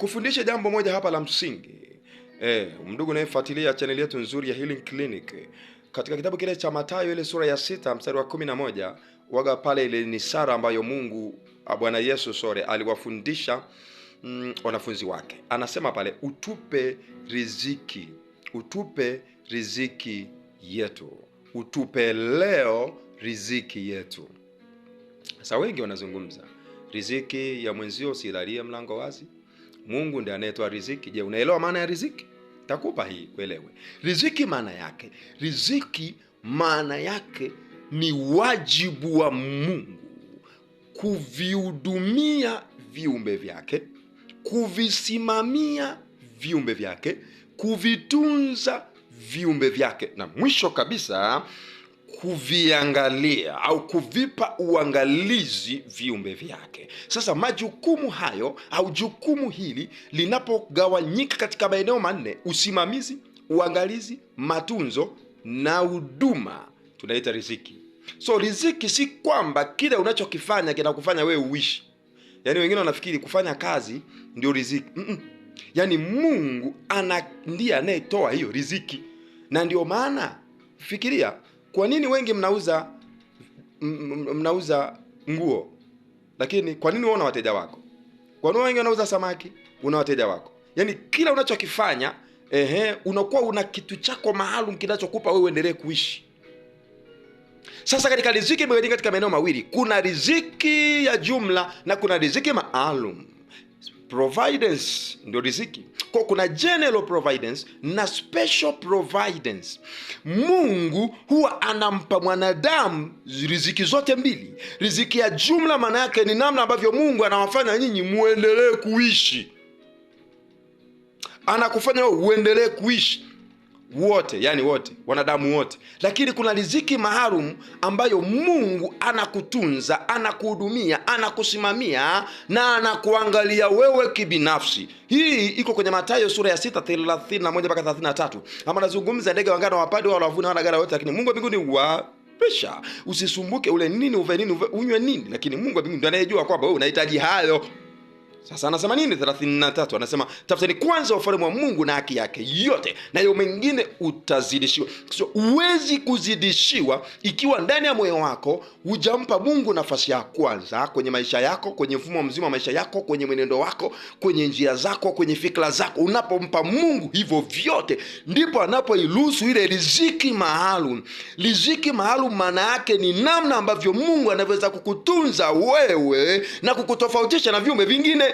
Kufundisha jambo moja hapa la msingi eh, mndugu unayefuatilia chaneli yetu nzuri ya Healing Clinic, katika kitabu kile cha Mathayo ile sura ya sita mstari wa kumi na moja waga pale, ile ni sara ambayo Mungu ah, Bwana Yesu sore aliwafundisha mm, wanafunzi wake. Anasema pale, utupe riziki, utupe riziki yetu, utupe leo riziki yetu. Sasa wengi wanazungumza riziki ya mwenzio, usilalie mlango wazi Mungu ndiye anayetoa riziki. Je, unaelewa maana ya riziki? Takupa hii uelewe. Riziki maana yake, riziki maana yake ni wajibu wa Mungu kuvihudumia viumbe vyake, kuvisimamia viumbe vyake, kuvitunza viumbe vyake, na mwisho kabisa kuviangalia au kuvipa uangalizi viumbe vyake. Sasa majukumu hayo au jukumu hili linapogawanyika katika maeneo manne: usimamizi, uangalizi, matunzo na huduma, tunaita riziki. So riziki si kwamba kile unachokifanya kinakufanya wewe uishi. Yaani wengine wanafikiri kufanya kazi ndio riziki. Mm -mm. Yaani Mungu ana ndiye anayetoa hiyo riziki, na ndio maana fikiria kwa nini wengi mnauza mnauza nguo lakini kwa nini wewe una wateja wako? Kwa nini wengi wanauza samaki, una wateja wako? Yaani kila unachokifanya ehe, unakuwa una kitu chako maalum kinachokupa wewe uendelee kuishi. Sasa katika riziki imegawanyika katika maeneo mawili, kuna riziki ya jumla na kuna riziki maalum. Providence ndio riziki. Kwa kuna general providence na special providence. Mungu huwa anampa mwanadamu riziki zote mbili. Riziki ya jumla maana yake ni namna ambavyo Mungu anawafanya nyinyi muendelee kuishi, anakufanya uendelee kuishi wote, yani wote wanadamu wote, lakini kuna riziki maalum ambayo Mungu anakutunza, anakuhudumia, anakusimamia na anakuangalia wewe kibinafsi. Hii iko kwenye matayo sura ya 6 31 mpaka 33, ama nazungumza ndege wangana wapande wao wanavuna wana gara wote, lakini Mungu wa mbinguni wa pesha. Usisumbuke ule nini uve nini uve, unywe nini, lakini Mungu wa mbinguni ndiye anayejua kwamba wewe unahitaji hayo. Sasa anasema nini? 33 anasema tafuteni kwanza ufalme wa Mungu na haki yake yote, nayo mengine utazidishiwa. So, uwezi kuzidishiwa ikiwa ndani ya moyo wako hujampa Mungu nafasi ya kwanza kwenye maisha yako, kwenye mfumo mzima wa maisha yako, kwenye mwenendo wako, kwenye njia zako, kwenye fikra zako. Unapompa Mungu hivyo vyote, ndipo anapoiruhusu ile riziki maalum. Riziki maalum maana yake ni namna ambavyo Mungu anavyoweza kukutunza wewe na kukutofautisha na viumbe vingine.